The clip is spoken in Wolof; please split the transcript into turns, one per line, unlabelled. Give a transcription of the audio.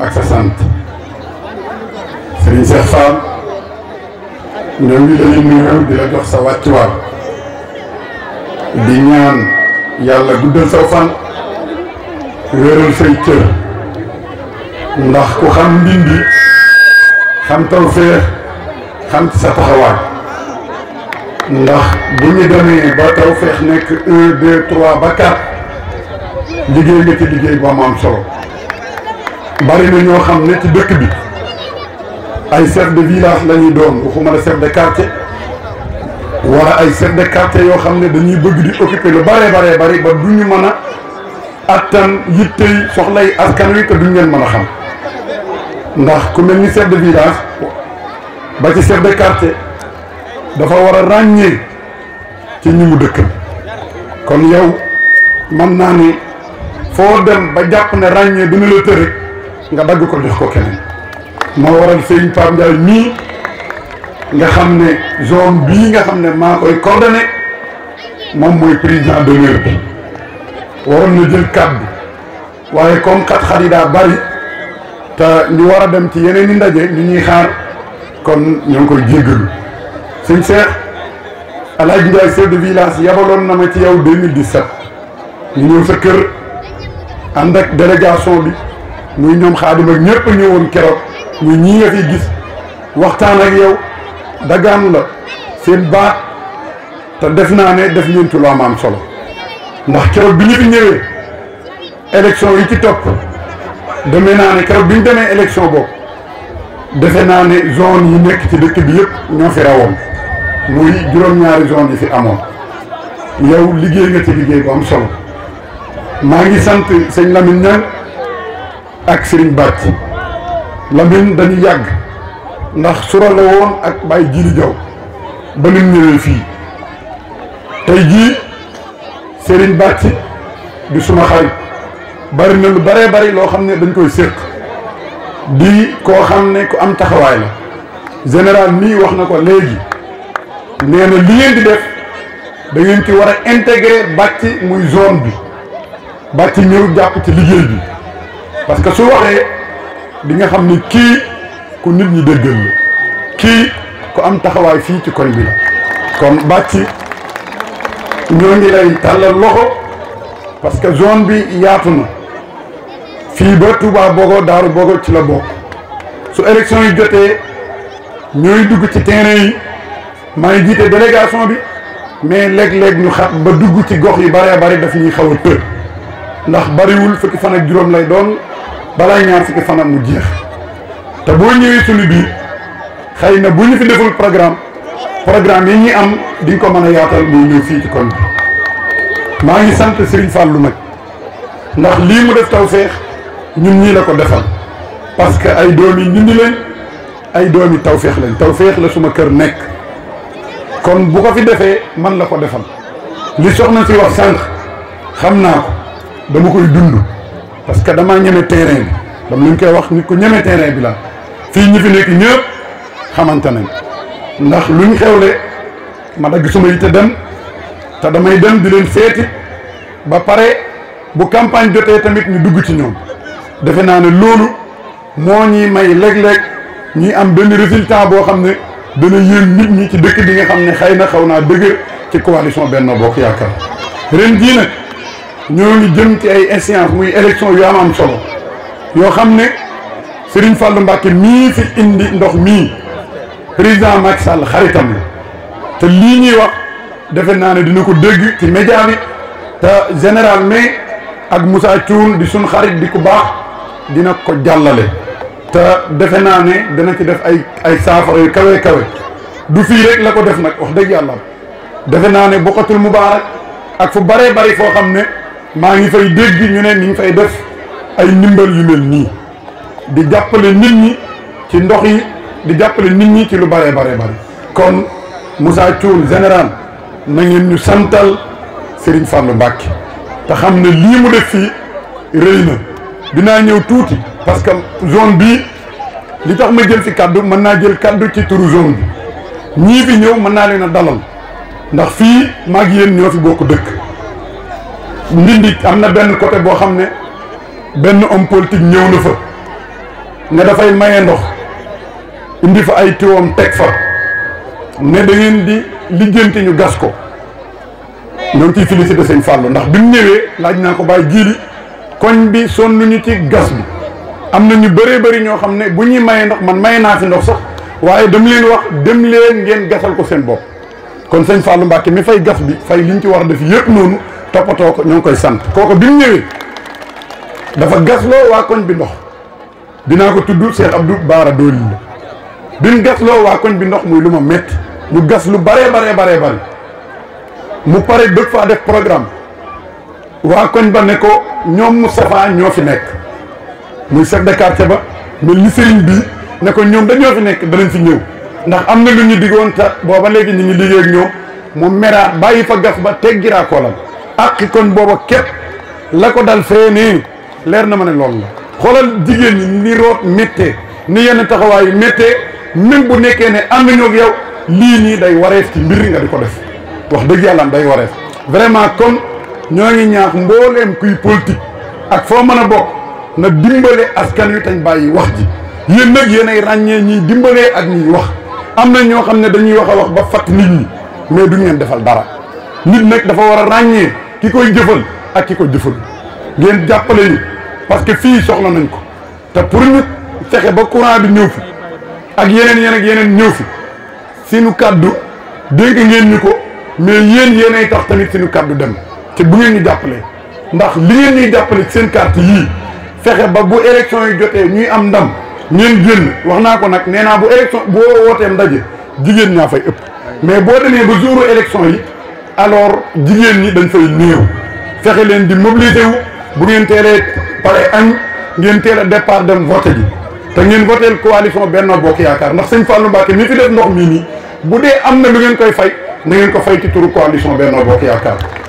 ak sa sant Serigne Cheikh Fall ñoo ngi lay nuyu di la jox sa wàccuwaay di ñaan yàlla guddal sa fan wéral say cër ndax ku xam ndindi xam tawfeex xam sa taxawaay ndax bu ñu demee ba tawfeex nekk un deux trois ba liggéey nga liggéey bu am solo bari na ñoo xam ne ci dëkk bi ay chef de village la ñuy doon waxuma la chef de quartier wala ay chef de quartier yoo xam ne dañuy bëgg di occuper lu bare bare bari ba du ñu mën a attan yittey soxlay askan wi te duñ leen mën a xam ndax ku mel ni chef village ba ci chef de quartier dafa war a ràññee ci ñi mu dëkkal kon yow mën naa ni foo dem ba jàpp ne ràññee dina la tëre nga dagg ko jox ko keneen moo waral Serigne Pape Ndiaye mii nga xam ne zone bii nga xam ne maa koy coordonné moom mooy président d'honneur bi waroon na jël kàddu waaye comme xat-xat daa bari te ñu war a dem ci yeneen i ndaje ñu ngi xaar kon ñoo ngi koy jéggalu sëñ Cheikh El Hadj Ndiaye chef village yabaloon na ma ci yow 2017 ñu ñëw sa kër ànd ak délégation bi. muy ñoom xaadim ak ñëpp ñëwoon keroog muy ñii nga fi gis waxtaan ak yow dagaan la seen baat te def naa ne def ngeen ci lu am am solo ndax keroog bi ñu fi ñëwee élection yi ci topp demee naa ne keroog bi demee élection boobu defe naa ne zone yi nekk ci dëkk bi yëpp ñoo fi rawoon muy juróom-ñaari zone yi fi amoon yow liggéey nga ci liggéey bu am solo maa ngi sant sëñ Lamine Niang ak Serigne Bàcc Lamine dañu yàgg ndax sura la woon ak Baye Jili Jaw ba nim ñëwee fii tey jii Serigne Bàcc di suma xarit bari na lu baree bari loo xam ne dañ koy séq di koo xam ne ku am taxawaay la général nii wax na ko léegi nee na li ngeen di def da ngeen ci war a integre bàcc muy zone bi bàcc ñëw jàpp ci liggéey bi parce que su waxee di nga xam ni kii ku nit ñi déggal la kii ku am taxawaay fii ci koñ bi la kon bàcci ñoo ngi lay tàllal loxo parce que zone bi yaatu na fii ba boo ko Daaru Bogo ci la bokk su élection yi jotee ñooy dugg ci terrain yi maa ngi jiite délégation bi mais léeg-léeg ñu xat ba dugg ci gox yi bëree bëri daf ñuy xaw a tër ndax bëriwul fukki fan ak juróom lay doon balaa ñaar fukki fanam mu jeex te boo ñëwee sunu bii xëy na bu ñu fi deful programme programme yi ñuy am di ko mën a yaatal muy ñëw fii ci kon bi maa ngi sant Serigne Fallou nag ndax lii mu def tawfeex ñun ñii la ko defal parce que ay doom yi ñun leen ay doom yi tawfeex lañ tawfeex la suma kër nekk kon bu ko fi defee man la ko defal li soxna si wax sànq xam naa ko dama koy dund. parce que damaa ñeme terrain bi dama ñu koy wax nit ku ñeme terrain bi la fii ñi fi nekk ñëpp xamante nañ ndax luñ xewle ma dagg suma yitte dem te damay dem di leen seeti ba pare bu campagne jotee tamit ñu dugg ci ñoom defe naa ne loolu moo ñuy may léeg-léeg ñuy am benn résultat boo xam ne dana yéen nit ñi ci dëkk bi nga xam ne xëy na xaw naa dëgg ci coalition Benno Bokk Yaakaar ren jii ñoo ngi jëm ci ay échéances muy élection yu am am solo yoo xam ne Serigne Fallou Mbacké mii fi indi ndox mii président Macky Sall xaritam la te lii ñuy wax defe naa ne dina ko dégg ci média bi général mais ak Moussa Thioune di suñ xarit di ku baax dina ko jàllale te defe naa ne dana ci def ay ay saafara yu kawe kawe du fii la ko def nag wax dëgg yàlla defe naa ne bokkatul mubaarak ak fu bare bari foo xam ne maa ngi fay dégg ñu ne ñu ngi fay def ay ndimbal yu mel nii di jàppale nit ñi ci ndox yi di jàppale nit ñi ci lu bare bare bare kon Moussa Thioune général na ngeen ñu santal Serigne lu Mbacké te xam ne lii mu def fi rëy na dinaa ñëw tuuti parce que zone bii li tax ma jël fi kaddu mën naa jël kaddu ci turu zone bi ñii fi ñëw mën naa leen a dalal ndax fii maag yéen ñoo fi ko dëkk ndindik am na benn côté boo xam ne benn homme politique ñëw na fa nga dafay maye ndox indi fa ay tiwoom teg fa ne da ngeen di lijjanti ñu gas ko ñoo ngi ciy félicité sëñ Fallou ndax bi mu ñëwee laaj naa ko bàyyi jiili koñ bi sonn ñu ci gas bi am na ñu bëree bëri ñoo xam ne bu ñuy mayee ndox man maye naa ci ndox sax waaye dem leen wax dem leen ngeen gasal ko seen bopp kon sëñ Fallou Mbacke mi fay gas bi fay ñu ci war a def yëpp noonu toppatoo ko ñoo ngi koy sant kooku bi mu ñëwee dafa gasloo waa koñ bi ndox dinaa ko tudd Cheikh Abdou Baara Dooli la bi mu gasloo waa koñ bi ndox muy lu ma metti mu gas lu baree baree baree bare mu pare bëgg faa def programme waa koñ ba ne ko ñoom Moustapha ñoo fi nekk muy chef de ba mais li sëriñ bi ne ko ñoom dañoo fi nekk danañ fi ñëw ndax am na lu ñu diggoon ta booba léegi ñu ngi liggéey ak ñoom mu meraat bàyyi fa gas ba teg giraa koolam àqi koñ booba képp la ko dal fee nii leer na ma ne loolu la xoolal jigéen ñi ni root méttee ni yenn taxawaayu méttee même bu nekkee ne ànd ñoog yow lii nii day wareef ci mbir nga di ko def wax dëgg yàlla am day wareef vraiment kon ñoo ngi ñaax mbooleem kuy politique ak foo mën a bokk na dimbale askan wi tañ bàyyi wax ji yéen nag yéen ay ràññee ñiy dimbalee ak ñiy wax am na ñoo xam ne dañuy wax a wax ba fatt nit ñi mais du ngeen defal dara nit nag dafa war a ràññee ki koy jëfal ak ki ko jëfal ngeen jàppale ñu parce que fii soxla nañ ko te pour ñu fexe ba courant bi ñëw fi ak yeneen yeneen ak yeneen ñëw fi sinu kàddu dénk ngeen ñu ko mais yéen yéenay tax tamit sinu kàddu dem te bu ngeen ñu jàppalee ndax li ngeen ñuy jàppale seen carte yii fexe ba bu élection yi jotee ñuy am ndam ngeen génn wax naa ko nag nee naa bu élection boo wootee ndaje jigéen ñaa fay ëpp mais boo demee ba jouru élection yi alors jigéen ñi dañ fay néew fexe leen di mobiliser wu bu ngeen teelee pare añ ngeen teel a départ dem voté ji te ngeen voté coalition Benno Bokk Yaakaar ndax sëñ Fallou Mbacke mi fi def ndox mi nii bu dee am na lu ngeen koy fay na ngeen ko fay ci turu coalition Benno Bokk Yaakaar